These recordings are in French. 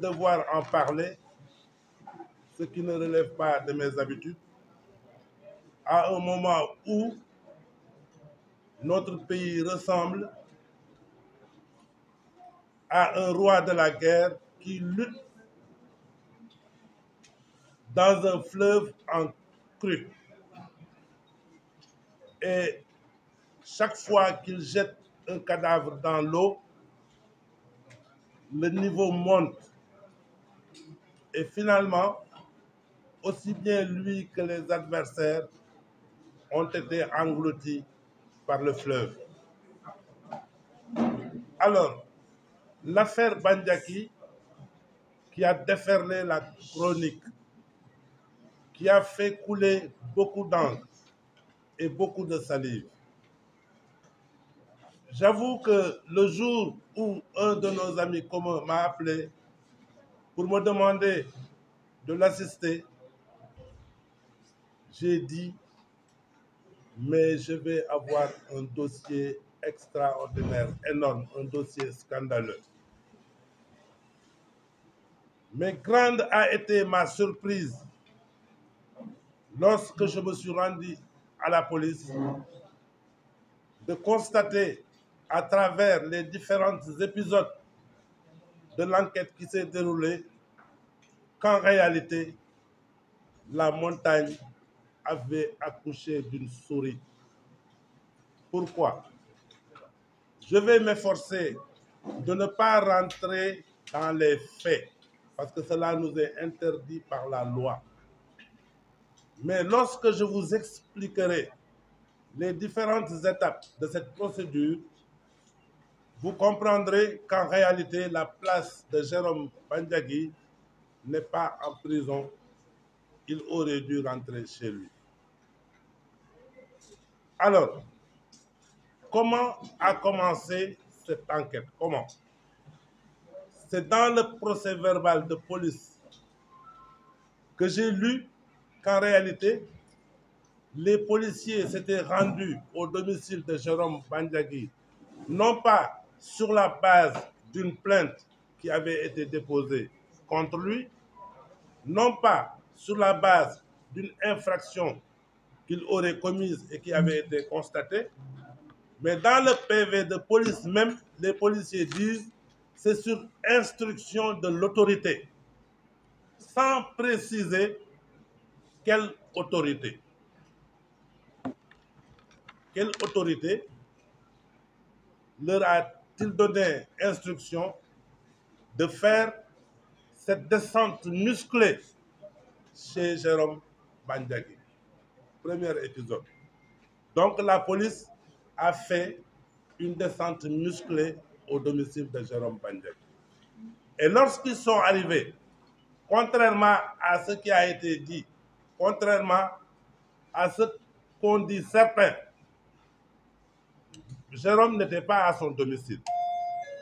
devoir en parler, ce qui ne relève pas de mes habitudes, à un moment où notre pays ressemble à un roi de la guerre qui lutte dans un fleuve en crue. Et chaque fois qu'il jette un cadavre dans l'eau, le niveau monte. Et finalement, aussi bien lui que les adversaires ont été engloutis par le fleuve. Alors, l'affaire Bandiaki, qui a déferlé la chronique, qui a fait couler beaucoup d'encre et beaucoup de salive. J'avoue que le jour où un de nos amis communs m'a appelé pour me demander de l'assister, j'ai dit, mais je vais avoir un dossier extraordinaire, énorme, un dossier scandaleux. Mais grande a été ma surprise lorsque je me suis rendu à la police de constater à travers les différents épisodes de l'enquête qui s'est déroulée qu'en réalité, la montagne avait accouché d'une souris. Pourquoi Je vais m'efforcer de ne pas rentrer dans les faits, parce que cela nous est interdit par la loi. Mais lorsque je vous expliquerai les différentes étapes de cette procédure, vous comprendrez qu'en réalité, la place de Jérôme Bandiagui n'est pas en prison. Il aurait dû rentrer chez lui. Alors, comment a commencé cette enquête Comment C'est dans le procès verbal de police que j'ai lu qu'en réalité, les policiers s'étaient rendus au domicile de Jérôme Bandiagui, non pas sur la base d'une plainte qui avait été déposée contre lui, non pas sur la base d'une infraction qu'il aurait commise et qui avait été constatée, mais dans le PV de police même, les policiers disent c'est sur instruction de l'autorité, sans préciser quelle autorité. Quelle autorité leur a il donnait instruction de faire cette descente musclée chez Jérôme Bandiagui. Premier épisode. Donc la police a fait une descente musclée au domicile de Jérôme Bandiagui. Et lorsqu'ils sont arrivés, contrairement à ce qui a été dit, contrairement à ce qu'ont dit certains, Jérôme n'était pas à son domicile.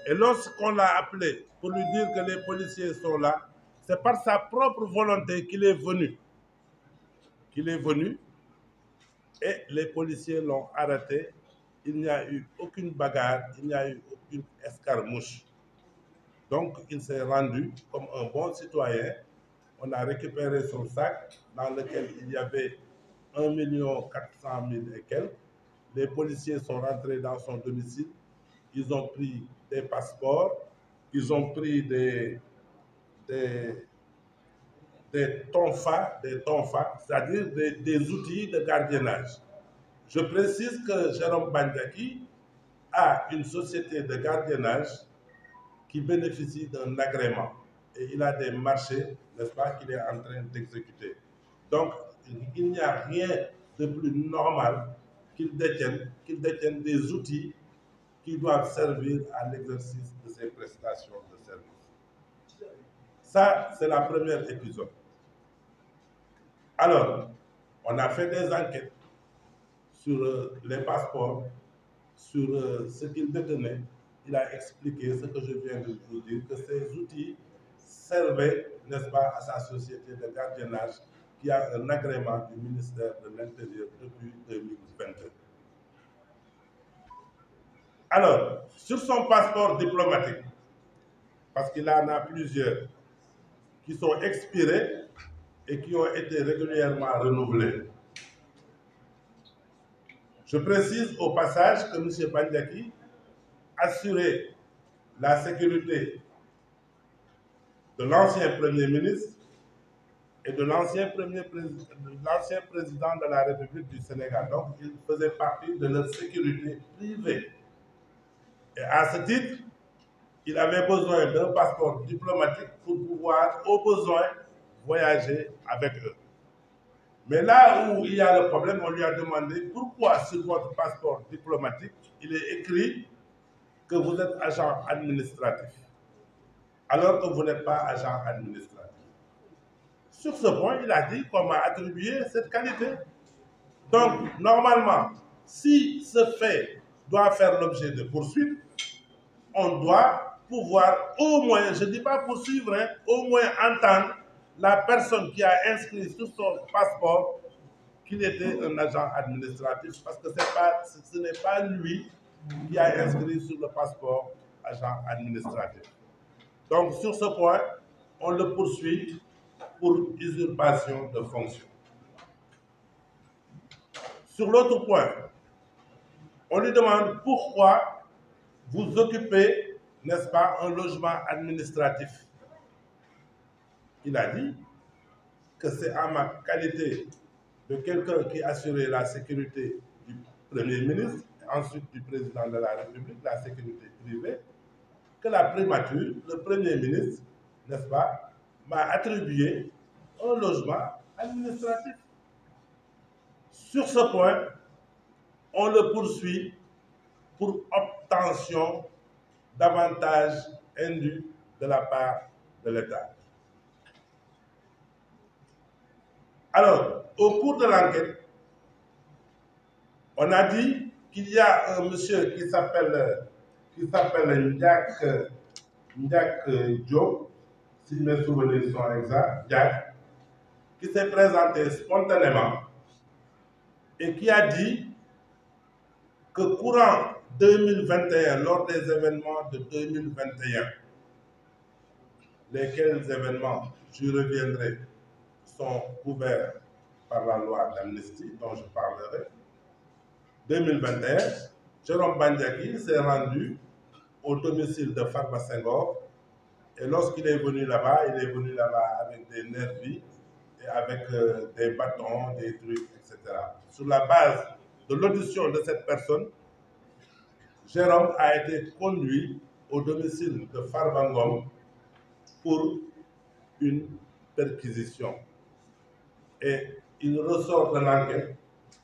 Et lorsqu'on l'a appelé pour lui dire que les policiers sont là, c'est par sa propre volonté qu'il est venu. Qu'il est venu et les policiers l'ont arrêté. Il n'y a eu aucune bagarre, il n'y a eu aucune escarmouche. Donc il s'est rendu comme un bon citoyen. On a récupéré son sac dans lequel il y avait 1 400 000 et quelques les policiers sont rentrés dans son domicile, ils ont pris des passeports, ils ont pris des, des, des des c'est-à-dire des, des, outils de gardiennage. Je précise que Jérôme Bandaki a une société de gardiennage qui bénéficie d'un agrément et il a des marchés, n'est-ce pas, qu'il est en train d'exécuter. Donc, il n'y a rien de plus normal qu'ils détiennent, détiennent des outils qui doivent servir à l'exercice de ces prestations de service. Ça, c'est la première épisode. Alors, on a fait des enquêtes sur euh, les passeports, sur euh, ce qu'ils détenaient. Il a expliqué ce que je viens de vous dire, que ces outils servaient, n'est-ce pas, à sa société de gardiennage qui a un agrément du ministère de l'Intérieur depuis 2022. Alors, sur son passeport diplomatique, parce qu'il en a plusieurs qui sont expirés et qui ont été régulièrement renouvelés. Je précise au passage que M. Bandiaki assurait la sécurité de l'ancien Premier ministre et de l'ancien premier président, l'ancien président de la République du Sénégal. Donc, il faisait partie de leur sécurité privée. Et à ce titre, il avait besoin d'un passeport diplomatique pour pouvoir, au besoin, voyager avec eux. Mais là où il y a le problème, on lui a demandé pourquoi sur votre passeport diplomatique, il est écrit que vous êtes agent administratif, alors que vous n'êtes pas agent administratif. Sur ce point, il a dit qu'on m'a attribué cette qualité. Donc, normalement, si ce fait doit faire l'objet de poursuites, on doit pouvoir au moins, je ne dis pas poursuivre, hein, au moins entendre la personne qui a inscrit sur son passeport qu'il était un agent administratif, parce que pas, ce n'est pas lui qui a inscrit sur le passeport agent administratif. Donc sur ce point, on le poursuit pour usurpation de fonction. Sur l'autre point, on lui demande pourquoi vous occupez, n'est-ce pas, un logement administratif. Il a dit que c'est à ma qualité de quelqu'un qui assurait la sécurité du Premier ministre, ensuite du Président de la République, la sécurité privée, que la primature, le Premier ministre, n'est-ce pas, m'a attribué un logement administratif. Sur ce point, on le poursuit pour obtention d'avantages indu de la part de l'État. Alors, au cours de l'enquête, on a dit qu'il y a un monsieur qui s'appelle qui s'appelle Ndiak, si mes souvenirs sont exacts, Jack, qui s'est présenté spontanément et qui a dit que courant 2021, lors des événements de 2021, lesquels événements, je reviendrai, sont couverts par la loi d'amnistie dont je parlerai, 2021, Jérôme Bandiaki s'est rendu au domicile de Fatma Senghor et lorsqu'il est venu là-bas, il est venu là-bas avec des nervis et avec euh, des bâtons, des trucs, etc. Sur la base de l'audition de cette personne, Jérôme a été conduit au domicile de Farvangom pour une perquisition. Et il ressort de l'enquête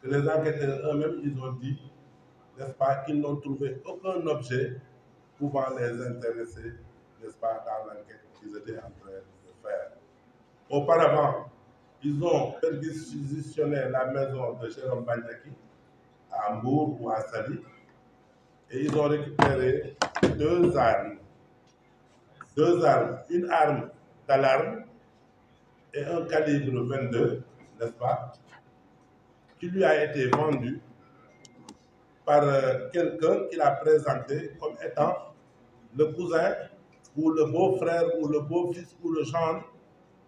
que les enquêteurs eux-mêmes, ils ont dit, n'est-ce pas, qu'ils n'ont trouvé aucun objet pouvant les intéresser n'est-ce pas, dans uh, l'enquête qu'ils étaient en train de faire. Auparavant, ils ont perquisitionné la maison de Jérôme Bagnaki à Hambourg ou à Sali et ils ont récupéré deux armes. Deux armes, une arme d'alarme et un calibre 22, n'est-ce pas, qui lui a été vendu par euh, quelqu'un qu'il a présenté comme étant le cousin pour le beau-frère ou le beau-fils ou le gendre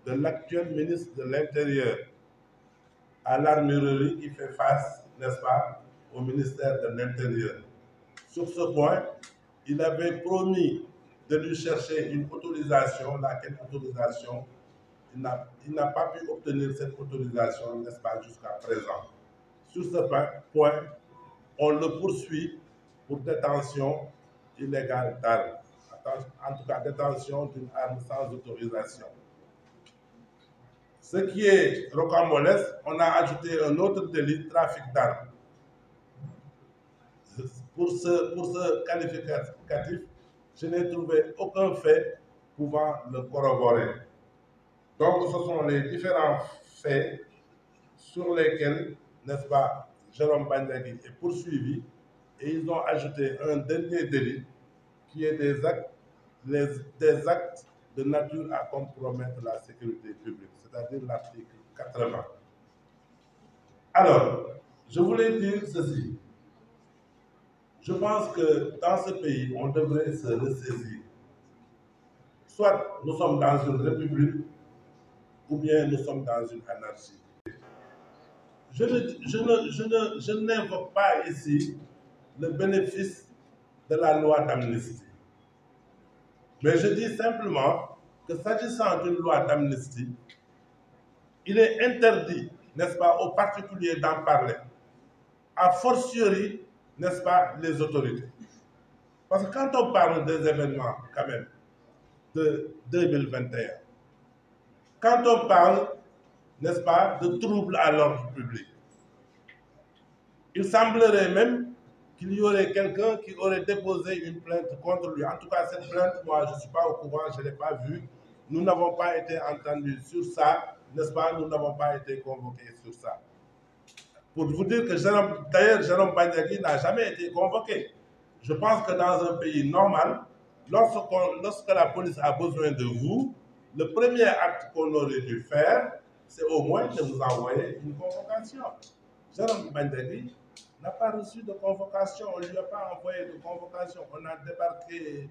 de l'actuel ministre de l'Intérieur. À l'armurerie, qui fait face, n'est-ce pas, au ministère de l'Intérieur. Sur ce point, il avait promis de lui chercher une autorisation, laquelle autorisation il n'a pas pu obtenir cette autorisation, n'est-ce pas, jusqu'à présent. Sur ce point, on le poursuit pour détention illégale d'armes en tout cas détention d'une arme sans autorisation. Ce qui est rocambolesque, on a ajouté un autre délit, trafic d'armes. Pour ce, pour ce qualificatif, je n'ai trouvé aucun fait pouvant le corroborer. Donc ce sont les différents faits sur lesquels, n'est-ce pas, Jérôme Bandagui est poursuivi et ils ont ajouté un dernier délit qui est des actes des actes de nature à compromettre la sécurité publique, c'est-à-dire l'article 80. Alors, je voulais dire ceci. Je pense que dans ce pays, on devrait se ressaisir. Soit nous sommes dans une république, ou bien nous sommes dans une anarchie. Je n'invoque je pas ici le bénéfice de la loi d'amnistie. Mais je dis simplement que s'agissant d'une loi d'amnistie, il est interdit, n'est-ce pas, aux particuliers d'en parler, à fortiori, n'est-ce pas, les autorités. Parce que quand on parle des événements, quand même, de 2021, quand on parle, n'est-ce pas, de troubles à l'ordre public, il semblerait même qu'il y aurait quelqu'un qui aurait déposé une plainte contre lui. En tout cas, cette plainte, moi, je ne suis pas au courant, je ne l'ai pas vue. Nous n'avons pas été entendus sur ça, n'est-ce pas Nous n'avons pas été convoqués sur ça. Pour vous dire que d'ailleurs, Jérôme n'a jamais été convoqué. Je pense que dans un pays normal, lorsque, lorsque la police a besoin de vous, le premier acte qu'on aurait dû faire, c'est au moins de vous envoyer une convocation. Jérôme n'a pas reçu de convocation, on ne lui a pas envoyé de convocation. On a débarqué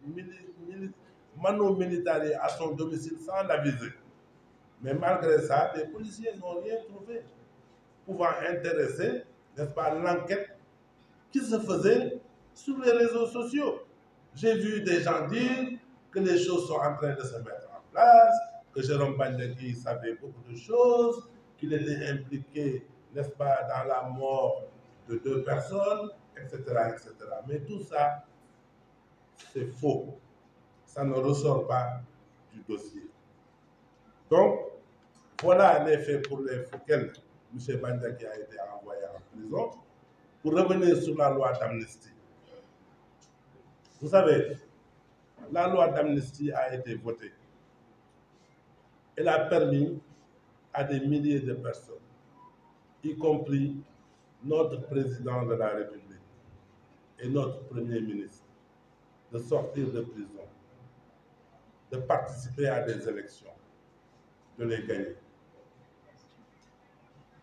Mano Militari à son domicile sans l'aviser. Mais malgré ça, les policiers n'ont rien trouvé pouvant intéresser, n'est-ce pas, l'enquête qui se faisait sur les réseaux sociaux. J'ai vu des gens dire que les choses sont en train de se mettre en place, que Jérôme Bandegui savait beaucoup de choses, qu'il était impliqué, n'est-ce pas, dans la mort de deux personnes, etc., etc. Mais tout ça, c'est faux. Ça ne ressort pas du dossier. Donc, voilà un effet pour lesquels M. Bandaki a été envoyé en prison. Pour revenir sur la loi d'amnistie. Vous savez, la loi d'amnistie a été votée. Elle a permis à des milliers de personnes, y compris notre président de la République et notre Premier ministre de sortir de prison, de participer à des élections, de les gagner.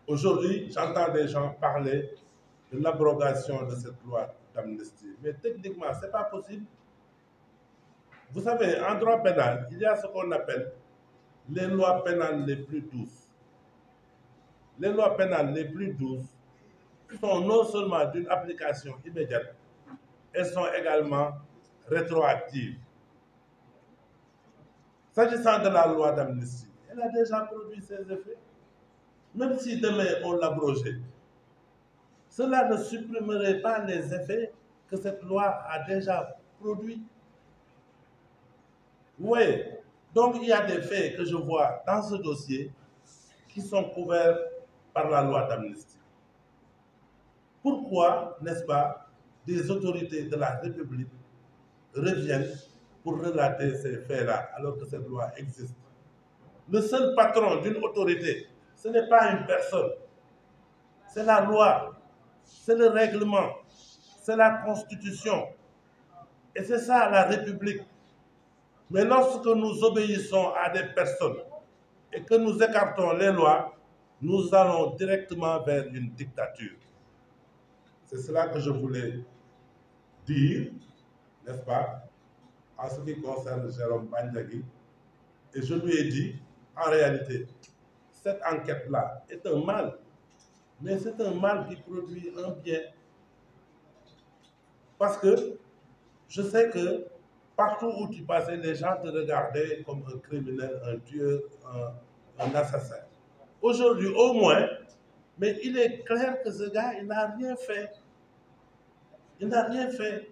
Aujourd'hui, j'entends des gens parler de l'abrogation de cette loi d'amnistie, mais techniquement, ce n'est pas possible. Vous savez, en droit pénal, il y a ce qu'on appelle les lois pénales les plus douces. Les lois pénales les plus douces sont non seulement d'une application immédiate, elles sont également rétroactives. S'agissant de la loi d'amnistie, elle a déjà produit ses effets. Même si demain on l'abrogeait, cela ne supprimerait pas les effets que cette loi a déjà produits. Oui, donc il y a des faits que je vois dans ce dossier qui sont couverts par la loi d'amnistie pourquoi, n'est-ce pas, des autorités de la République reviennent pour relater ces faits-là, alors que cette loi existe. Le seul patron d'une autorité, ce n'est pas une personne, c'est la loi, c'est le règlement, c'est la constitution. Et c'est ça la République. Mais lorsque nous obéissons à des personnes et que nous écartons les lois, nous allons directement vers une dictature. C'est cela que je voulais dire, n'est-ce pas, en ce qui concerne Jérôme Bandiagui. Et je lui ai dit, en réalité, cette enquête-là est un mal, mais c'est un mal qui produit un bien. Parce que je sais que partout où tu passais, les gens te regardaient comme un criminel, un dieu, un assassin. Aujourd'hui, au moins, mais il est clair que ce gars, il n'a rien fait. Il n'a rien fait.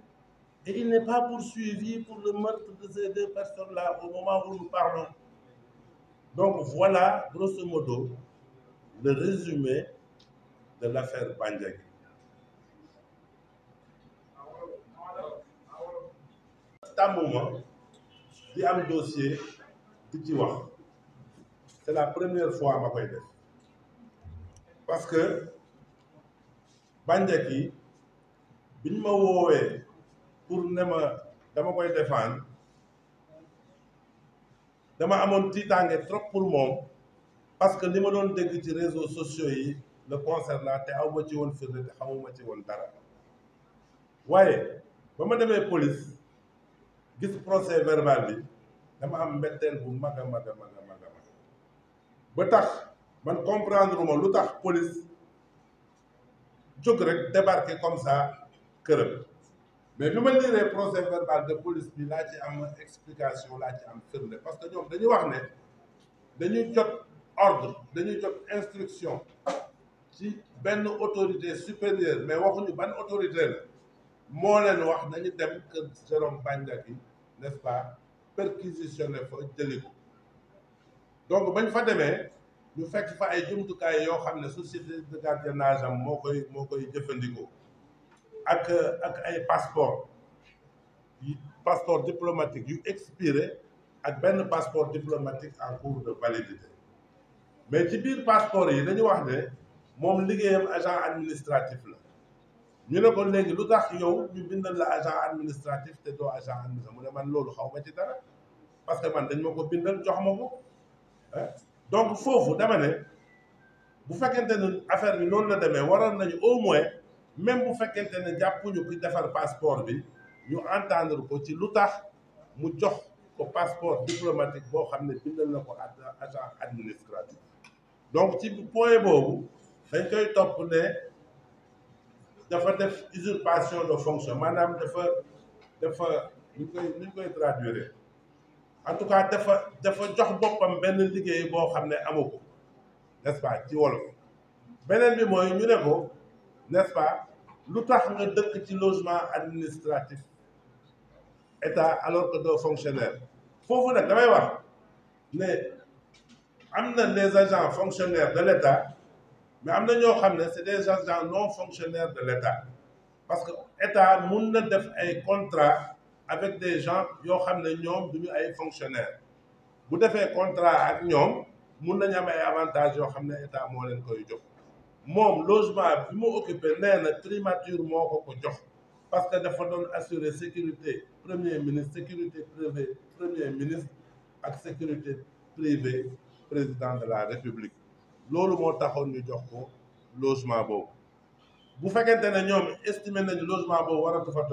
Et il n'est pas poursuivi pour le meurtre de ces deux personnes-là au moment où nous parlons. Donc voilà, grosso modo, le résumé de l'affaire un moment a un dossier di c'est la première fois ma parce que Bandjaki biñ ma woowee pour ne ma dama koy défendre dama amoon tiitaange trop pour moom parce que li ma doon dégg ci réseaux sociaux yi le concernant te aw ma ci woon firnde te xamuma ci woon dara waaye ba ma demee police gis procès verbal bi dama am mbetteel bu mag a mag a mag a mag ba tax man comprendre ma lu tax police jóg rek débarquer comme ça këram mais bi ni les procès verbal de police bi laa ci am explication laa ci am firnde parce que ñoom dañuy wax ne dañuy jot ordre dañuy jot instruction ci benn autorité supérieure mais waxuñu ban autorité la moo leen wax nañu dem que Jérôme Bandiaky n'est-ce pas perquisitionné fa jëli ko donc bañ fa demee ñu fekk fa ay jumtukaay yoo xam ne société de gardiennage am moo koy moo koy jëfandikoo ak ak ay passeport passeport diplomatique yu expiré ak benn passeport diplomatique en cours de validité mais ci biir passeport yi dañu wax ne moom liggéeyam agent administratif la ñu ne ko léegi lu tax yow ñu bindal la agent administratif te doo agent administratif mu ne man loolu xaw ma ci dara parce que man dañ ma ko bindal jox ma ko hein? donc foofu dama ne bu fekkente ne affaire bi loolu la demee waral nañu au moins même bu fekkente ne jàppuñu ku defar passeport bi ñu entendre ko ci lu tax mu jox ko passeport diplomatique boo xam ne bindal na ko agent administratif donc ci point boobu dañ koy topp ne dafa def usurpation de fonction maanaam dafa dafa ñu koy ñu koy traduire en tout cas dafa dafa jox boppam benn liggéey boo xam ne amu ko n'est-ce pas ci wolof beneen bi mooy ñu ne ko n'est-ce pas lu de nga dëkk ci logement administratif état alors que Pour fonctionnaire fofu nak damay wax né amna les agents fonctionnaires de l'état mais amna na ñoo des agents non fonctionnaires de l'état parce que état mun na def ay contrat avec des gens yo xamné ñom Si duñu ay fonctionnaires bu contrat ak ñom mun nañu am ay avantages état mo leen koy jox mon logement bi mu occupé nee na parce que faut assurer assurer sécurité premier ministre sécurité privée premier ministre avec sécurité privée président de la république C'est ce que nous jox ko logement boobu bu faites ne ñoom estimé le logement est waratu fa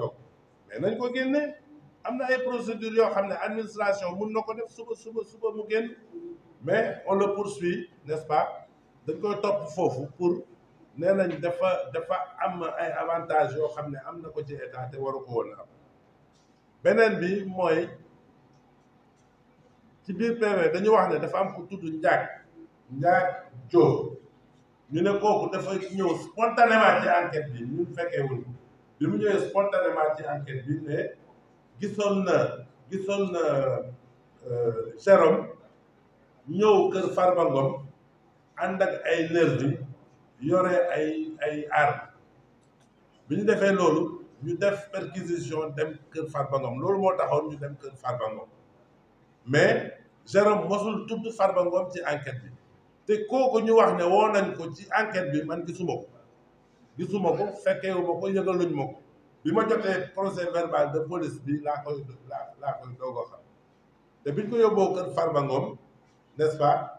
mais nañ ko a des procédures nous y ne des administrations def mais on le poursuit n'est-ce pas dañ koy topp foofu pour nee nañ dafa dafa am ay avantages yoo xam ne am na ko ci état te waru ko woon am beneen bi mooy ci biir PV dañu wax ne dafa am ku tudd njaag njaag joo ñu ne kooku dafa ñëw spontanément ci enquête bi ñun fekkeewul bi mu ñëwee spontanément ci enquête bi ne gisoon na gisoon na euh, Jérôme ñëw kër Farba ànd ak ay nervi yore ay ay arme bi ñu defee loolu ñu def perquisition dem kër Farba Ngom loolu moo taxoon ñu dem kër Farba Ngom mais Jérôme mosul tudd Farba Ngom ci enquête bi te kooku ñu wax ne woo nañ ko ci enquête bi man gisuma ko gisuma ko fekkeewu ma ko yëgaluñ ma ko bi ma jotee procès verbal de police bi laa koy laa laa koy doog a xam te biñ ko yóbboo kër Farba Ngom n'est-ce pas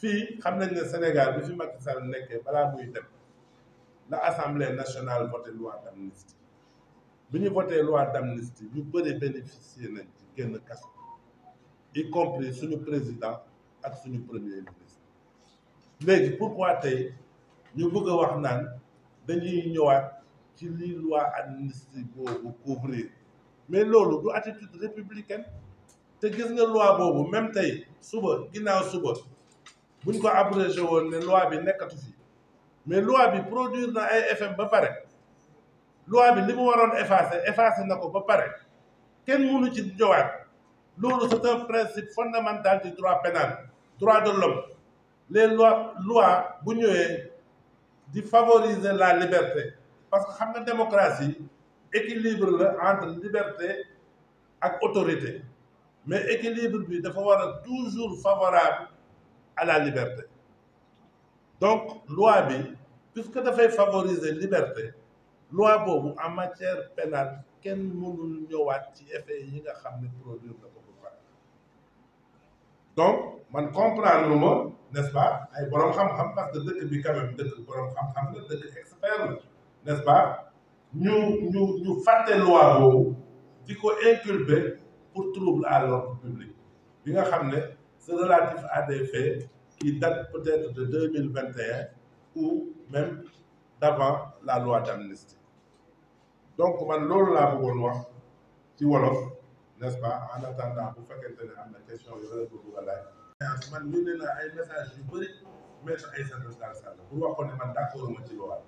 fi xam nañ Sénégal bi fi Macky Sall nekkee muy la assemblée nationale vote loi d'amnistie. amnistie bi ñu voté loi d'amnistie, amnistie ñu bénéficier nañ ci casse. y compris le président ak suñu premier ministre Mais pourquoi tey ñu bëgg a wax naan dañuy ñëwaat ci li loi amnistie pour couvrir mais loolu du attitude républicaine te gis nga loi boobu même tey suba ginnaaw suba buñ ko abrégé woon ne loi bi nekkatu fi mais loi bi produire na ay effet ba pare loi bi li mu waroon effacer effacé na ko ba pare kenn munu ci ñëwaat loolu c'est un principe fondamental du droit pénal droit de l'homme les lois loi bu ñëwee di favoriser la liberté parce que xam la démocratie équilibre entre liberté ak autorité mais équilibre bi dafa war toujours favorable à la liberté donc loi bi puisque dafay favoriser liberté loi boobu en matière pénale kenn mënul ñëwaat ci effet yi nga xam produire na ko donc man comprends le mot, n'est-ce pas ay borom xam-xam parce que dëkk bi quand même dëkk borom xam-xam la dëkk expert n'est-ce pas ñu ñu ñu fàtte loi boobu di inculper pour trouble à l'ordre public bi nga relatif à des faits qui datent peut-être de 2021 ou même d'avant la loi d'amnistie. donc man loolu laa bëggoon wax ci wolof n'est-ce pas en attendant vous fekkente ne am question yu bëri bëgg a laaj. man yónnee naa ay messages yu bëri maître Aïssata Vous Sall pour wax man d'accord avec ci loi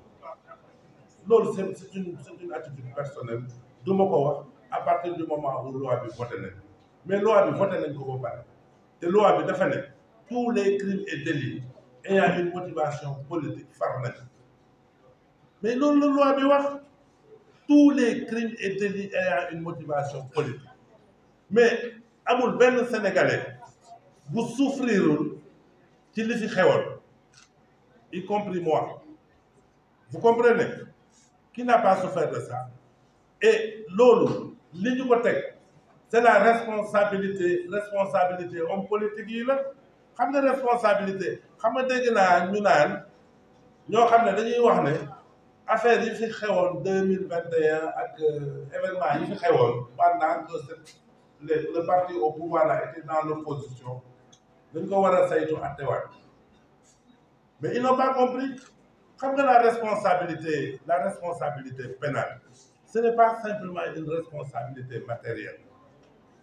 c'est une attitude personnelle du ma ko wax à partir du moment où la loi est voté Mais mais loi est voté nañ ko et loi bi dafa tous les crimes et délits ayant une motivation politique mais loolu la loi bi wax tous les crimes et délits ayant une motivation politique mais amul benn sénégalais bu souffrirul ci li fi y compris moi vous comprenez qui n'a pas souffert de ça et loolu li ñu c'est la responsabilité responsabilité homme politique yi la responsabilité comme nga la naa ñu naan ñoo xam ne dañuy wax ne affaire yi fi 2021 avec euh, événement yi fi pendant que le parti au pouvoir était dans l'opposition dañ ko war a saytu attewaat mais ils n'ont pas compris comme la responsabilité la responsabilité pénale ce n'est pas simplement une responsabilité matérielle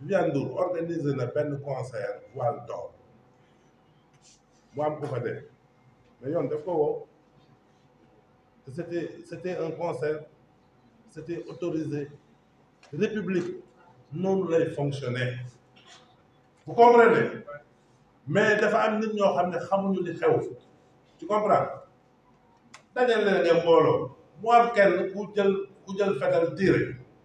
viandour organiser na benn concert voile d'or mu am ko fa mais yoon daf ko wo c'était c'était un concert c'était autorisé république non lay fonctionner vous comprenez mais dafa am nit ñoo xam xamuñu li xew tu comprends dajal leen nga mbooloo mu am kenn ku jël ku jël fetal tiire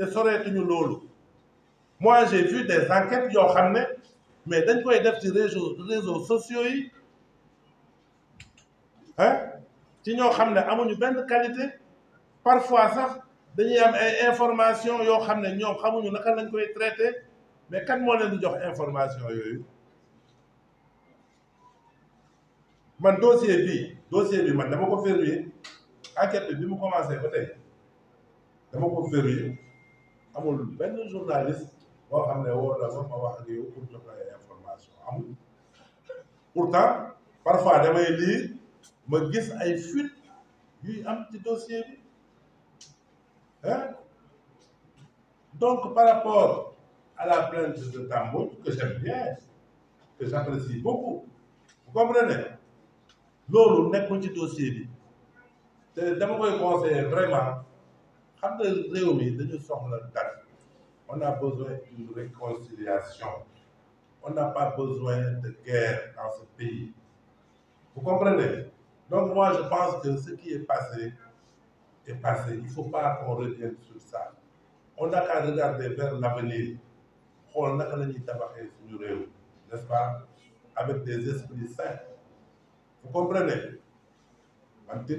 te soreetuñu loolu moi j'ai vu des enquêtes yoo xam mais dañ koy def ci réseaux réseaux sociaux yi ah ci ñoo xam amuñu benn qualité parfois sax dañuy am ay information yoo xam ne ñoom xamuñu naka lañ koy traité mais kan moo leen di jox information yooyu man dossier bi dossier bi man dama ko verrouillé enquête bi bi mu commencé ba tey dama ko verrouillé amul ben journaliste boo xam ne woo la sax wax ak yow pour information pourtant parfois damay lire ma gis ay fuite yuy am ci dossier hein donc par rapport à la plainte de Tambo, que j'aime bien que j'apprécie beaucoup vous comprenez loolu nekkul ci dossier bi te dama koy vraiment on a besoin d'une réconciliation on n'a pas besoin de guerre dans ce pays vous comprenez donc moi je pense que ce qui est passé est passé il ne faut pas qu'on revienne sur ça on n'a qu'à regarder vers l'avenir On n'a qu'à regarder vers suñu n'est-ce pas avec des esprits sains vous comprenez On dit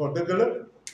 ದೊಡ್ಡ